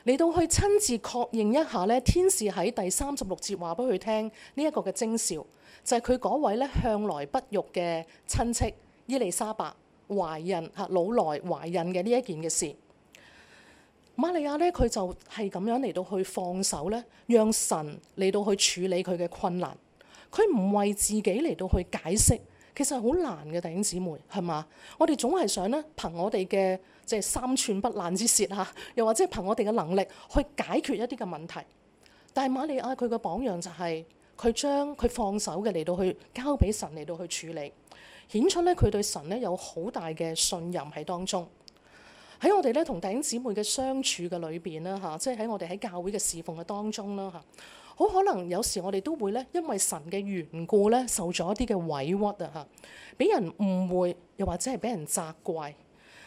嚟到去親自確認一下咧。天使喺第三十六節話俾佢聽呢一個嘅徵兆，就係佢嗰位咧向來不育嘅親戚伊麗莎白懷孕嚇，老來懷孕嘅呢一件嘅事。瑪利亞咧，佢就係咁樣嚟到去放手咧，讓神嚟到去處理佢嘅困難。佢唔為自己嚟到去解釋，其實好難嘅，弟兄姊妹，係嘛？我哋總係想咧，憑我哋嘅即係三寸不爛之舌嚇，又或者係憑我哋嘅能力去解決一啲嘅問題。但係瑪利亞佢嘅榜樣就係佢將佢放手嘅嚟到去交俾神嚟到去處理，顯出咧佢對神咧有好大嘅信任喺當中。喺我哋咧同弟兄姊妹嘅相處嘅裏邊啦，嚇，即係喺我哋喺教會嘅侍奉嘅當中啦嚇，好可能有時我哋都會咧，因為神嘅緣故咧，受咗一啲嘅委屈啊嚇，俾人誤會又或者係俾人責怪，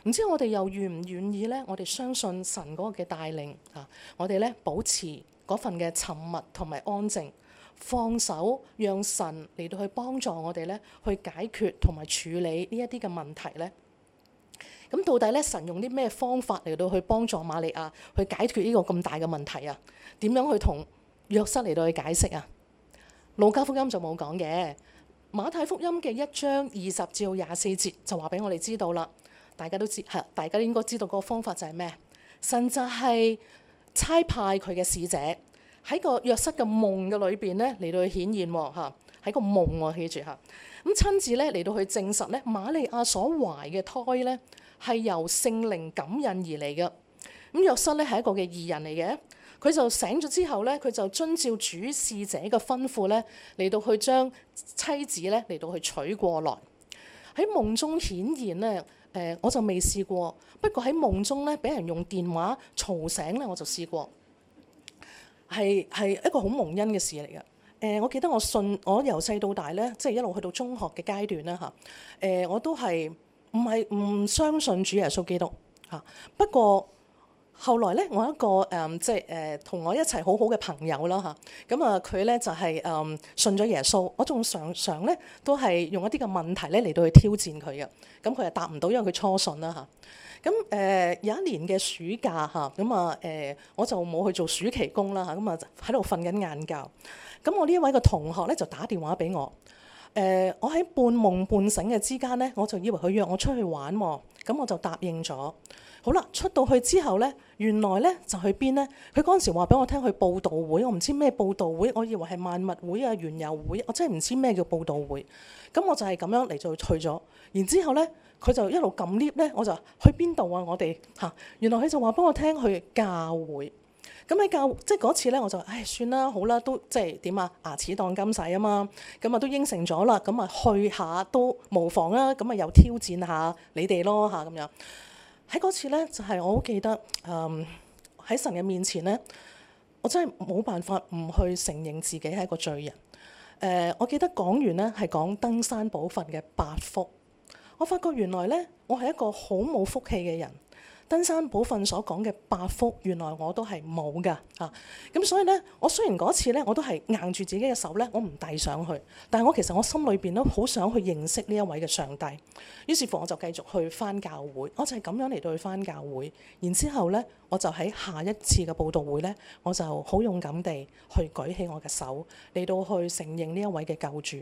唔知我哋又願唔願意咧？我哋相信神嗰個嘅帶領啊，我哋咧保持嗰份嘅沉默同埋安靜，放手讓神嚟到去幫助我哋咧，去解決同埋處理呢一啲嘅問題咧。咁到底咧，神用啲咩方法嚟到去幫助瑪利亞去解決呢個咁大嘅問題啊？點樣去同約瑟嚟到去解釋啊？《路加福音》就冇講嘅，《馬太福音》嘅一章二十至到廿四節就話俾我哋知道啦。大家都知嚇，大家都應該知道個方法就係咩？神就係差派佢嘅使者喺個約瑟嘅夢嘅裏邊呢嚟到去顯現喎，喺個夢我、啊、記住嚇。咁親自咧嚟到去證實咧，瑪利亞所懷嘅胎呢。係由聖靈感應而嚟嘅。咁約瑟咧係一個嘅義人嚟嘅，佢就醒咗之後咧，佢就遵照主使者嘅吩咐咧，嚟到去將妻子咧嚟到去娶過來。喺夢中顯現咧，誒、呃、我就未試過。不過喺夢中咧，俾人用電話嘈醒咧，我就試過。係係一個好蒙恩嘅事嚟嘅。誒、呃，我記得我信我由細到大咧，即、就、係、是、一路去到中學嘅階段啦嚇。誒、呃，我都係。唔係唔相信主耶穌基督嚇，不過後來咧，我一個誒即係誒同我一齊好好嘅朋友啦嚇，咁啊佢咧、啊、就係、是、誒、嗯、信咗耶穌，我仲常常咧都係用一啲嘅問題咧嚟到去挑戰佢嘅，咁佢又答唔到，因為佢初信啦嚇。咁、啊、誒、啊、有一年嘅暑假嚇，咁啊誒、啊、我就冇去做暑期工啦嚇，咁啊喺度瞓緊晏覺，咁、啊、我呢一位嘅同學咧就打電話俾我。誒、呃，我喺半夢半醒嘅之間咧，我就以為佢約我出去玩喎、啊，咁我就答應咗。好啦，出到去之後咧，原來咧就去邊咧？佢嗰陣時話俾我聽去佈道會，我唔知咩佈道會，我以為係萬物會啊、原油會，我真係唔知咩叫佈道會。咁我就係咁樣嚟就去咗。然之後咧，佢就一路撳 lift 咧，我就去邊度啊？我哋嚇，原來佢就話俾我聽去教會。咁喺教即係嗰次咧，我就唉、哎、算啦，好啦，都即係點啊？牙齒當金使啊嘛，咁啊都應承咗啦，咁啊去下都無妨啦，咁啊又挑戰下你哋咯吓，咁樣。喺嗰次咧，就係、是、我好記得，喺、嗯、神嘅面前咧，我真係冇辦法唔去承認自己係一個罪人。誒、呃，我記得講完咧係講登山寶訓嘅八福，我發覺原來咧我係一個好冇福氣嘅人。登山寶訓所講嘅八福，原來我都係冇㗎吓。咁、啊、所以咧，我雖然嗰次咧我都係硬住自己嘅手咧，我唔遞上去，但係我其實我心裏邊都好想去認識呢一位嘅上帝。於是乎，我就繼續去返教會，我就係咁樣嚟到去返教會。然之後咧，我就喺下一次嘅佈道會咧，我就好勇敢地去舉起我嘅手嚟到去承認呢一位嘅救主。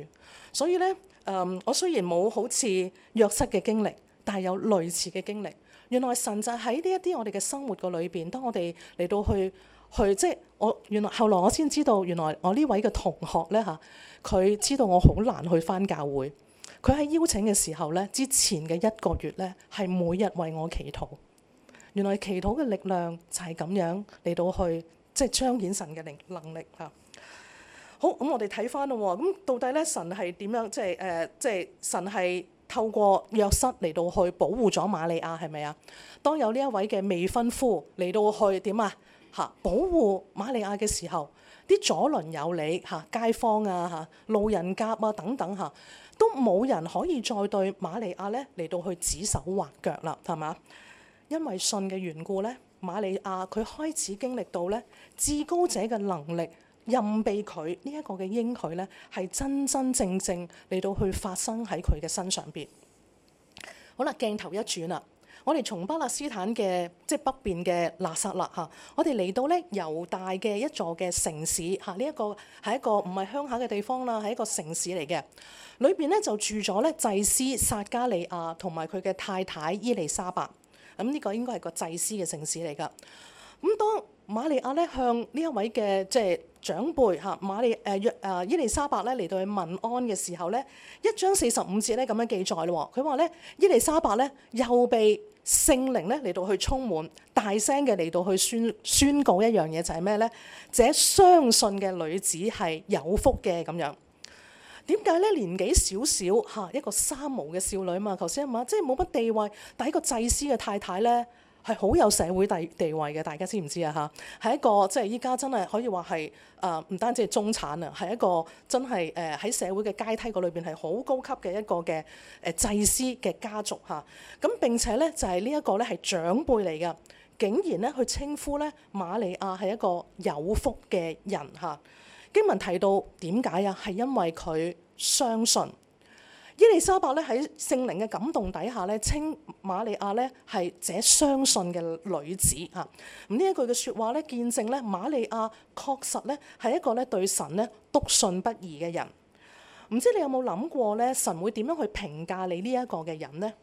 所以咧，嗯，我雖然冇好似弱失嘅經歷，但係有類似嘅經歷。原來神就喺呢一啲我哋嘅生活個裏邊，當我哋嚟到去去即係我原來後來我先知道，原來我呢位嘅同學咧嚇，佢、啊、知道我好難去返教會，佢喺邀請嘅時候咧，之前嘅一個月咧係每日為我祈禱。原來祈禱嘅力量就係咁樣嚟到去即係彰顯神嘅靈能力嚇、啊。好咁、嗯，我哋睇返啦喎，咁、嗯、到底咧神係點樣即係誒、呃、即係神係？透過約瑟嚟到去保護咗瑪利亞係咪啊？當有呢一位嘅未婚夫嚟到去點啊嚇，保護瑪利亞嘅時候，啲左鄰右里嚇，街坊啊嚇，路人甲啊等等嚇，都冇人可以再對瑪利亞咧嚟到去指手畫腳啦，係嘛？因為信嘅緣故咧，瑪利亞佢開始經歷到咧至高者嘅能力。任備佢呢一個嘅應許呢，係真真正正嚟到去發生喺佢嘅身上邊。好啦，鏡頭一轉啦，我哋從巴勒斯坦嘅即係北邊嘅拿撒勒嚇、啊，我哋嚟到呢猶大嘅一座嘅城市嚇，呢、啊這個、一個係一個唔係鄉下嘅地方啦，係一個城市嚟嘅。裏邊呢，就住咗呢祭司撒加利亞同埋佢嘅太太伊麗莎白。咁、啊、呢、這個應該係個祭司嘅城市嚟噶。咁、啊、當瑪利亞咧向呢一位嘅即係長輩嚇，瑪利誒約啊以利沙伯咧嚟到去問安嘅時候咧，一章四十五節咧，咁樣記載咯，佢話咧以利沙伯咧又被聖靈咧嚟到去充滿，大聲嘅嚟到去宣宣告一樣嘢就係咩咧？這相信嘅女子係有福嘅咁樣。點解咧？年紀少少嚇，一個三毛嘅少女啊嘛，頭先啊嘛，即係冇乜地位，但係一個祭司嘅太太咧。係好有社會地地位嘅，大家知唔知啊？嚇，係一個即係依家真係可以話係誒唔單止係中產啊，係一個真係誒喺社會嘅階梯嗰裏邊係好高級嘅一個嘅誒祭司嘅家族嚇。咁、啊、並且咧就係、是、呢一個咧係長輩嚟嘅，竟然咧去稱呼咧瑪利亞係一個有福嘅人嚇、啊。經文提到點解啊？係因為佢相信。伊麗莎白咧喺聖靈嘅感動底下咧稱瑪利亞咧係這相信嘅女子啊！咁呢一句嘅説話咧見證咧瑪利亞確實咧係一個咧對神咧篤信不疑嘅人。唔知你有冇諗過咧神會點樣去評價你呢一個嘅人呢？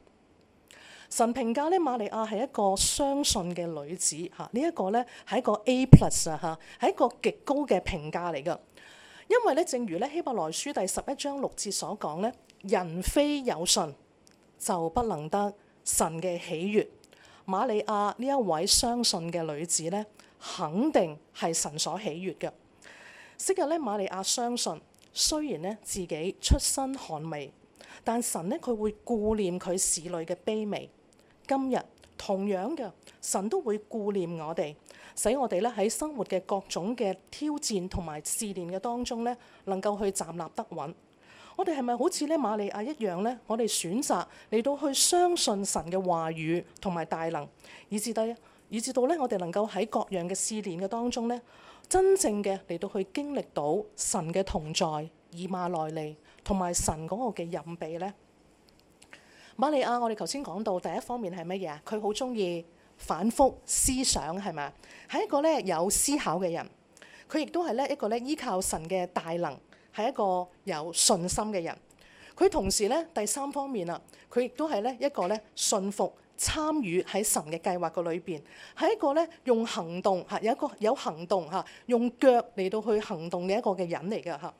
神評價咧瑪利亞係一個相信嘅女子嚇，呢、這、一個咧係一個 A plus 啊嚇，係一個極高嘅評價嚟噶。因為咧，正如咧希伯來書第十一章六節所講咧，人非有信就不能得神嘅喜悅。瑪利亞呢一位相信嘅女子咧，肯定係神所喜悅嘅。昔日咧，瑪利亞相信，雖然咧自己出身寒微，但神咧佢會顧念佢使女嘅卑微。今日同樣嘅，神都會顧念我哋。使我哋咧喺生活嘅各種嘅挑戰同埋試煉嘅當中咧，能夠去站立得穩。我哋係咪好似咧瑪利亞一樣咧？我哋選擇嚟到去相信神嘅話語同埋大能，以致到以致到咧，我哋能夠喺各樣嘅試煉嘅當中咧，真正嘅嚟到去經歷到神嘅同在、以馬內利同埋神嗰個嘅任俾呢？瑪利亞，我哋頭先講到第一方面係乜嘢啊？佢好中意。反覆思想係咪？係一個咧有思考嘅人，佢亦都係咧一個咧依靠神嘅大能，係一個有信心嘅人。佢同時咧第三方面啦，佢亦都係咧一個咧信服參與喺神嘅計劃個裏邊，係一個咧用行動嚇，有一個有行動嚇，用腳嚟到去行動嘅一個嘅人嚟嘅嚇。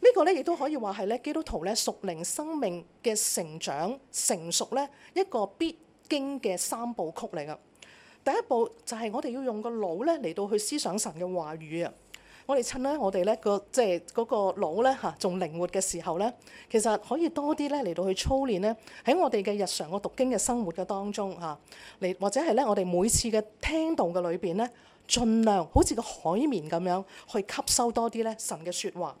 呢個咧亦都可以話係咧基督徒咧屬靈生命嘅成長成熟咧一個必。經嘅三部曲嚟㗎，第一步就係我哋要用個腦咧嚟到去思想神嘅話語，就是、啊！我哋趁咧我哋咧個即係嗰個腦咧嚇仲靈活嘅時候咧，其實可以多啲咧嚟到去操練咧喺我哋嘅日常嘅讀經嘅生活嘅當中嚇嚟，啊，或者係咧我哋每次嘅聽到嘅裏邊咧，儘量好似個海綿咁樣去吸收多啲咧神嘅説話，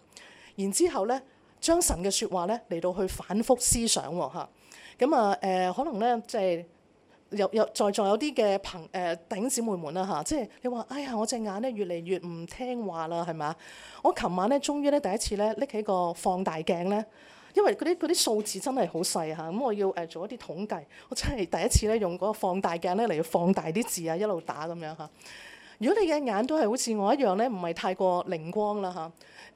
然之後咧將神嘅説話咧嚟到去反覆思想喎，咁，啊誒、啊呃，可能咧即係。就是有有在座有啲嘅朋誒頂姐妹們啦嚇，即係你話哎呀，我隻眼咧越嚟越唔聽話啦，係咪？我琴晚咧終於咧第一次咧拎起個放大鏡咧，因為嗰啲嗰啲數字真係好細嚇，咁、啊嗯、我要誒、呃、做一啲統計，我真係第一次咧用嗰個放大鏡咧嚟放大啲字啊，一路打咁樣嚇。啊。如果你嘅眼都係好似我一樣咧，唔係太過靈光啦嚇。誒、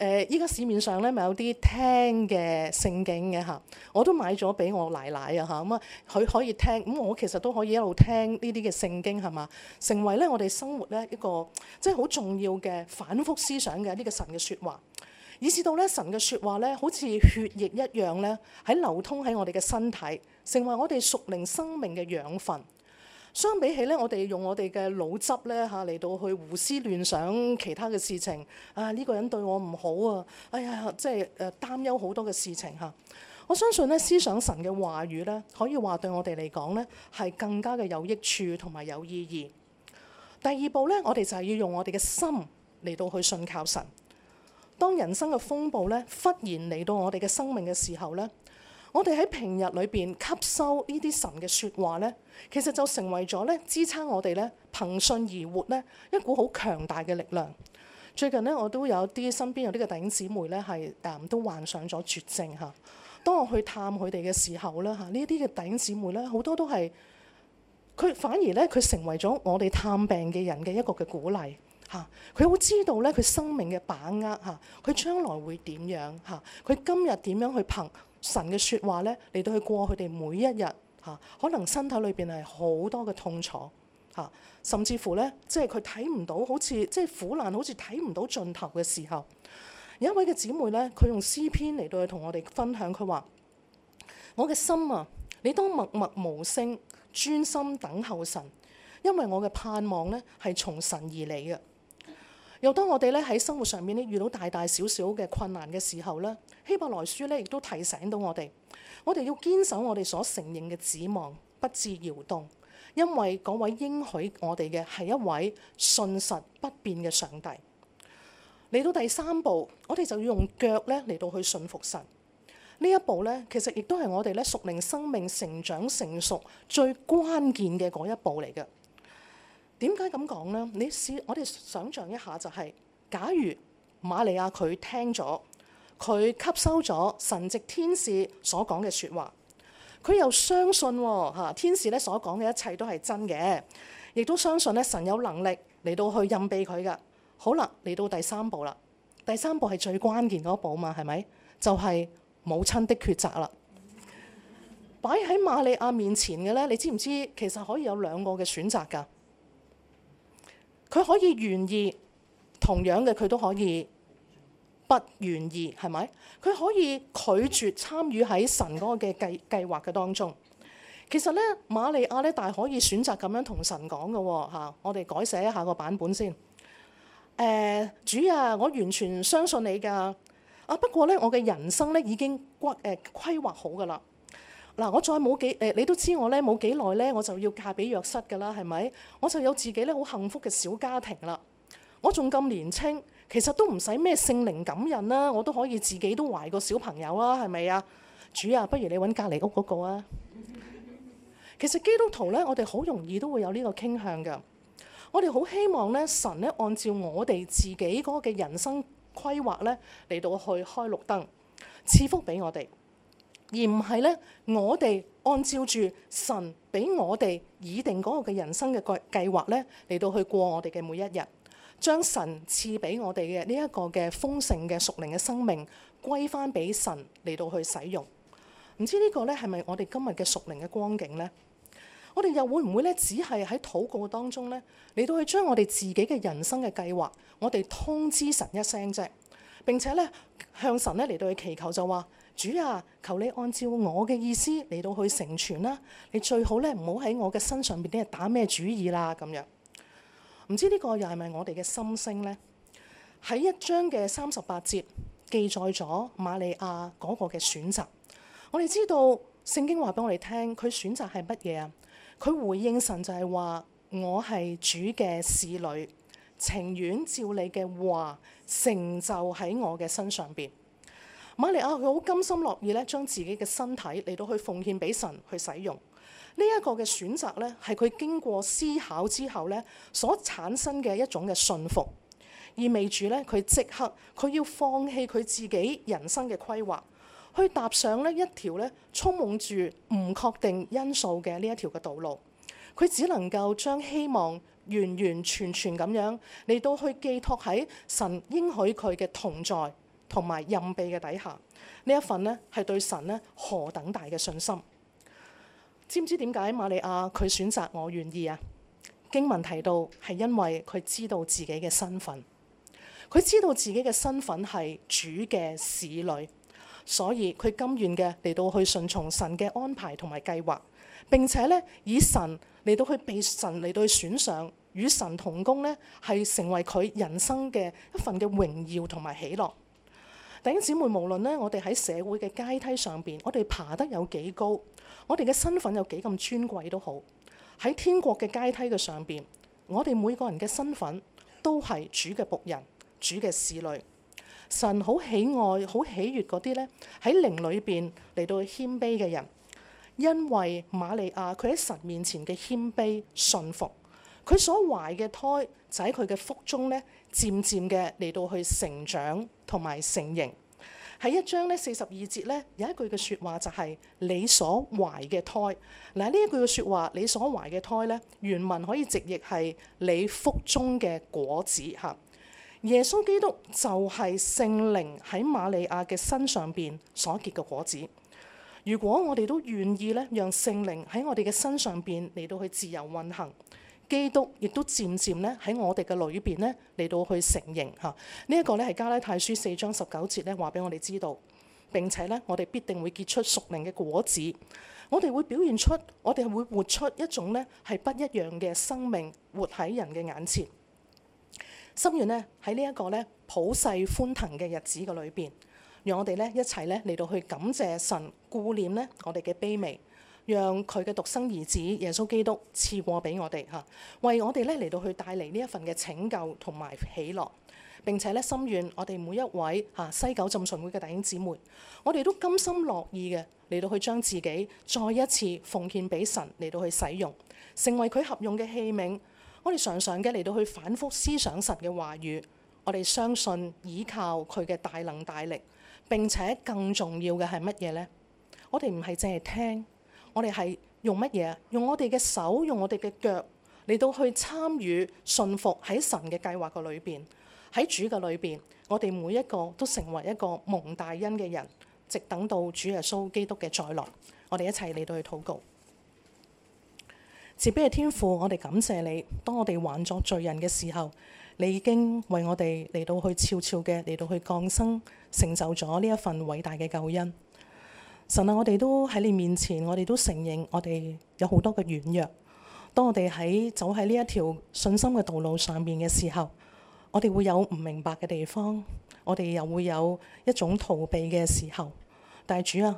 呃，依家市面上咧咪有啲聽嘅聖經嘅嚇、啊，我都買咗俾我奶奶啊嚇。咁啊，佢可以聽，咁、嗯、我其實都可以一路聽呢啲嘅聖經係嘛，成為咧我哋生活咧一個即係好重要嘅反覆思想嘅呢、這個神嘅説話，以至到咧神嘅説話咧好似血液一樣咧喺流通喺我哋嘅身體，成為我哋屬靈生命嘅養分。相比起咧，我哋用我哋嘅腦汁咧嚇嚟到去胡思亂想其他嘅事情，啊呢個人對我唔好啊，哎呀即係誒擔憂好多嘅事情嚇，我相信咧思想神嘅話語咧，可以話對我哋嚟講咧係更加嘅有益處同埋有意義。第二步咧，我哋就係要用我哋嘅心嚟到去信靠神。當人生嘅風暴咧忽然嚟到我哋嘅生命嘅時候咧，我哋喺平日裏邊吸收呢啲神嘅説話咧，其實就成為咗咧支撐我哋咧憑信而活咧一股好強大嘅力量。最近咧，我都有啲身邊有啲個弟兄姊妹咧係，但都患上咗絕症嚇、啊。當我去探佢哋嘅時候咧嚇，呢一啲嘅弟兄姊妹咧好多都係佢反而咧佢成為咗我哋探病嘅人嘅一個嘅鼓勵嚇。佢、啊、會知道咧佢生命嘅把握嚇，佢、啊、將來會點樣嚇，佢、啊、今日點樣去憑神嘅説話咧，嚟到去過佢哋每一日嚇、啊，可能身體裏邊係好多嘅痛楚嚇、啊，甚至乎咧，即係佢睇唔到，好似即係苦難，好似睇唔到盡頭嘅時候，有一位嘅姊妹咧，佢用詩篇嚟到去同我哋分享，佢話：我嘅心啊，你當默默無聲，專心等候神，因為我嘅盼望咧係從神而嚟嘅。又當我哋咧喺生活上面咧遇到大大小小嘅困難嘅時候咧，希伯來書咧亦都提醒到我哋，我哋要堅守我哋所承認嘅指望，不致搖動，因為嗰位應許我哋嘅係一位信實不變嘅上帝。嚟到第三步，我哋就要用腳咧嚟到去信服神。呢一步咧，其實亦都係我哋咧屬靈生命成長成熟最關鍵嘅嗰一步嚟嘅。點解咁講呢？你試我哋想像一下、就是，就係假如瑪利亞佢聽咗，佢吸收咗神藉天使所講嘅説話，佢又相信喎、哦、天使咧所講嘅一切都係真嘅，亦都相信咧神有能力嚟到去印備佢噶。好啦，嚟到第三步啦，第三步係最關鍵嗰步嘛，係咪？就係、是、母親的抉擇啦。擺喺瑪利亞面前嘅咧，你知唔知其實可以有兩個嘅選擇噶？佢可以願意，同樣嘅佢都可以不願意，係咪？佢可以拒絕參與喺神嗰個嘅計計劃嘅當中。其實咧，瑪利亞咧，大可以選擇咁樣同神講㗎喎。我哋改寫一下個版本先。誒、呃，主啊，我完全相信你㗎。啊，不過咧，我嘅人生咧已經規誒規劃好㗎啦。嗱，我再冇幾誒，你都知我咧冇幾耐咧，我就要嫁俾約瑟噶啦，係咪？我就有自己咧好幸福嘅小家庭啦。我仲咁年輕，其實都唔使咩聖靈感孕啦，我都可以自己都懷個小朋友啦，係咪啊？主啊，不如你揾隔籬屋嗰個啊！ 其實基督徒咧，我哋好容易都會有呢個傾向噶。我哋好希望咧，神咧按照我哋自己嗰個嘅人生規劃咧嚟到去開綠燈，賜福俾我哋。而唔係咧，我哋按照住神俾我哋擬定嗰個嘅人生嘅計計劃咧，嚟到去過我哋嘅每一日，將神賜俾我哋嘅呢一個嘅豐盛嘅屬靈嘅生命歸翻俾神嚟到去使用。唔知呢個咧係咪我哋今日嘅屬靈嘅光景呢？我哋又會唔會咧只係喺禱告當中咧嚟到去將我哋自己嘅人生嘅計劃，我哋通知神一聲啫，並且咧向神咧嚟到去祈求就話。主啊，求你按照我嘅意思嚟到去成全啦！你最好咧唔好喺我嘅身上邊啲人打咩主意啦咁樣。唔知呢個又係咪我哋嘅心聲咧？喺一章嘅三十八節記載咗瑪利亞嗰個嘅選擇。我哋知道聖經話俾我哋聽，佢選擇係乜嘢啊？佢回應神就係話：我係主嘅侍女，情願照你嘅話成就喺我嘅身上邊。瑪利亞佢好甘心樂意咧，將自己嘅身體嚟到去奉獻俾神去使用。呢一個嘅選擇咧，係佢經過思考之後咧，所產生嘅一種嘅信服，意味住咧佢即刻佢要放棄佢自己人生嘅規劃，去踏上咧一條咧充滿住唔確定因素嘅呢一條嘅道路。佢只能夠將希望完完全全咁樣嚟到去寄託喺神應許佢嘅同在。同埋任備嘅底下呢一份咧，係對神咧何等大嘅信心？知唔知點解瑪利亞佢選擇我願意啊？經文提到係因為佢知道自己嘅身份，佢知道自己嘅身份係主嘅使女，所以佢甘願嘅嚟到去順從神嘅安排同埋計劃，並且咧以神嚟到去被神嚟到去選上與神同工咧，係成為佢人生嘅一份嘅榮耀同埋喜樂。弟兄姊妹，無論咧，我哋喺社會嘅階梯上邊，我哋爬得有幾高，我哋嘅身份有幾咁尊貴都好，喺天國嘅階梯嘅上邊，我哋每個人嘅身份都係主嘅僕人、主嘅侍女。神好喜愛、好喜悅嗰啲咧，喺靈裏邊嚟到謙卑嘅人，因為瑪利亞佢喺神面前嘅謙卑、信服，佢所懷嘅胎就喺佢嘅腹中咧。漸漸嘅嚟到去成長同埋成形，喺一章呢四十二節呢，有一句嘅説話就係你所懷嘅胎。嗱呢一句嘅説話，你所懷嘅胎呢，原文可以直譯係你腹中嘅果子嚇。耶穌基督就係聖靈喺瑪利亞嘅身上邊所結嘅果子。如果我哋都願意呢，讓聖靈喺我哋嘅身上邊嚟到去自由運行。基督亦都漸漸咧喺我哋嘅裏邊咧嚟到去成形嚇，呢、這、一個咧係加拉太書四章十九節咧話俾我哋知道。並且咧，我哋必定會結出屬靈嘅果子。我哋會表現出，我哋係會活出一種咧係不一樣嘅生命，活喺人嘅眼前。心願咧喺呢一個咧普世歡騰嘅日子嘅裏邊，讓我哋咧一齊咧嚟到去感謝神顧念咧我哋嘅卑微。讓佢嘅獨生兒子耶穌基督賜過俾我哋嚇，為我哋咧嚟到去帶嚟呢一份嘅拯救同埋喜樂。並且咧，心願我哋每一位嚇西九浸信會嘅弟兄姊妹，我哋都甘心樂意嘅嚟到去將自己再一次奉獻俾神嚟到去使用，成為佢合用嘅器皿。我哋常常嘅嚟到去反覆思想神嘅話語，我哋相信依靠佢嘅大能大力。並且更重要嘅係乜嘢呢？我哋唔係淨係聽。我哋係用乜嘢？用我哋嘅手，用我哋嘅腳嚟到去參與信服喺神嘅計劃個裏邊，喺主嘅裏邊，我哋每一個都成為一個蒙大恩嘅人，直等到主耶穌基督嘅再來，我哋一齊嚟到去禱告。慈悲嘅天父，我哋感謝你，當我哋還作罪人嘅時候，你已經為我哋嚟到去悄悄嘅嚟到去降生，成就咗呢一份偉大嘅救恩。神啊，我哋都喺你面前，我哋都承認我哋有好多嘅軟弱。當我哋喺走喺呢一條信心嘅道路上面嘅時候，我哋會有唔明白嘅地方，我哋又會有一種逃避嘅時候。但係主啊，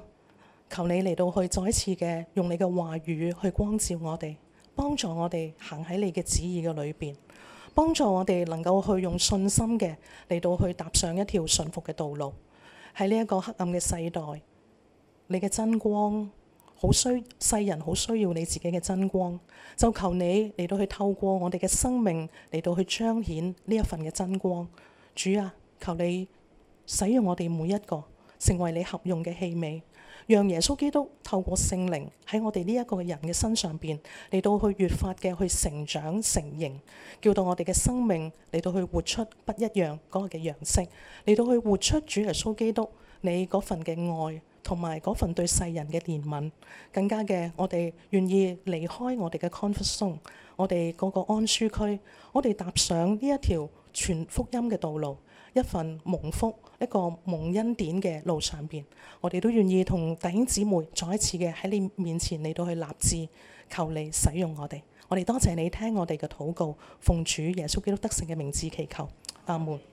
求你嚟到去再一次嘅用你嘅話語去光照我哋，幫助我哋行喺你嘅旨意嘅裏邊，幫助我哋能夠去用信心嘅嚟到去踏上一條信服嘅道路，喺呢一個黑暗嘅世代。你嘅真光好需，世人好需要你自己嘅真光，就求你嚟到去透過我哋嘅生命嚟到去彰顯呢一份嘅真光。主啊，求你使用我哋每一個成為你合用嘅器皿，讓耶穌基督透過聖靈喺我哋呢一個嘅人嘅身上邊嚟到去越發嘅去成長成形，叫到我哋嘅生命嚟到去活出不一樣嗰個嘅樣式，嚟到去活出主耶穌基督你嗰份嘅愛。同埋嗰份對世人嘅憐憫，更加嘅，我哋願意離開我哋嘅 comfort zone，我哋嗰個安舒區，我哋踏上呢一條全福音嘅道路，一份蒙福一個蒙恩典嘅路上邊，我哋都願意同弟兄姊妹再一次嘅喺你面前嚟到去立志，求你使用我哋，我哋多謝你聽我哋嘅禱告，奉主耶穌基督得勝嘅名字祈求，阿門。